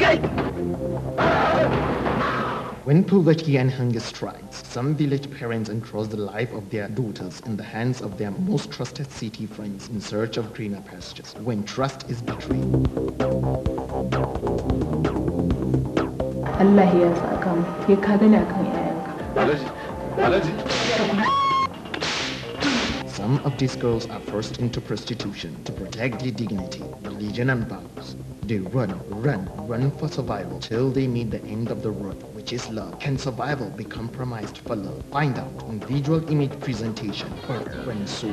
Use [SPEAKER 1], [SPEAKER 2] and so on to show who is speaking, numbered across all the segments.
[SPEAKER 1] gate! When poverty and hunger strikes, some village parents entrust the life of their daughters in the hands of their most trusted city friends in search of greener pastures. When trust is betrayed. Allah some of these girls are forced into prostitution to protect their dignity, religion and values. They run, run, run for survival till they meet the end of the road, which is love. Can survival be compromised for love? Find out in visual image presentation by Ren Su.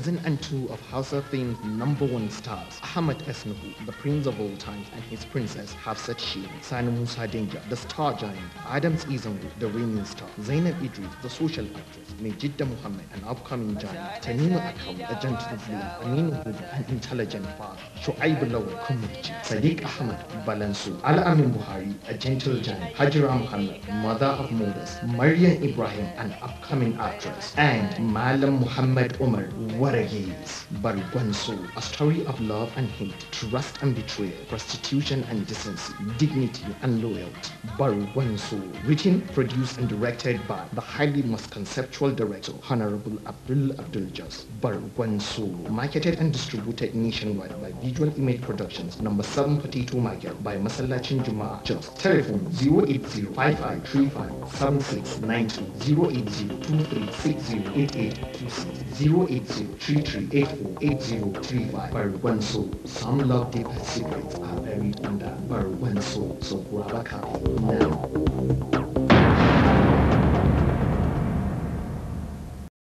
[SPEAKER 1] cousin and two of Hausa themed Fame's number one stars, Ahmed Esnabu, the Prince of Old Times, and his princess Hafsat Sheen, Sani Musa Danger, the star giant, Adams Izangu, the reigning star, Zainab Idris, the social actress, Mejidda Muhammad, an upcoming giant, Tanima Akram, a gentle blue, Aminu Huda, an intelligent father, Shu'aib Lawal Kumurchi, Sadiq Ahmed, Balansu, Al-Amin Buhari, a gentle giant, Hajira Muhammad, mother of models, Mariam Ibrahim, an upcoming actress, and Malam Muhammad Umar, Barakis, Barugwanso, a story of love and hate, trust and betrayal, prostitution and decency, dignity and loyalty. Barugwanso, written, produced and directed by the highly most conceptual director, Honorable Abdul Abdul Jas. Barugwanso, marketed and distributed nationwide by Visual Image Productions, number 742 Market by Masala Juma. Just telephone 080 080 33848035 Barwan Some love deep secrets are buried under Barwan Soul, so grab a copy now.